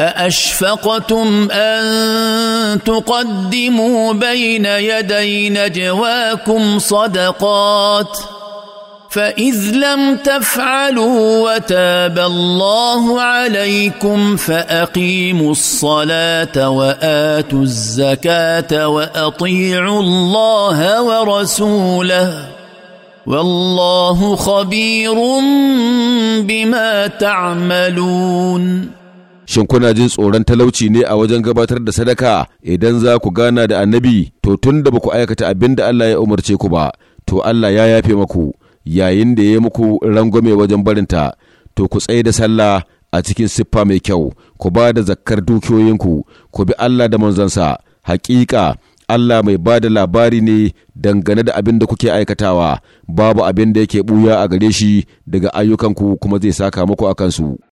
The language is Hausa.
أأشفقتم أن تقدموا بين يدي نجواكم صدقات فإذ لم تفعلوا وتاب الله عليكم فأقيموا الصلاة وآتوا الزكاة وأطيعوا الله ورسوله والله خبير بما تعملون shin kuna jin tsoron talauci ne a wajen gabatar da sadaka idan za ku gana da annabi to tun da ba aikata abin da Allah ya umarce ku ba to Allah ya yafe maku yayin da ya muku rangwame wajen barinta to ku tsaye da sallah a cikin siffa mai kyau ku ba da zakkar dukiyoyinku ku bi Allah da manzansa hakika Allah mai ba da labari ne dangane da abin da kuke aikatawa babu abin da yake buya a gare shi daga ayyukanku kuma zai saka muku a kansu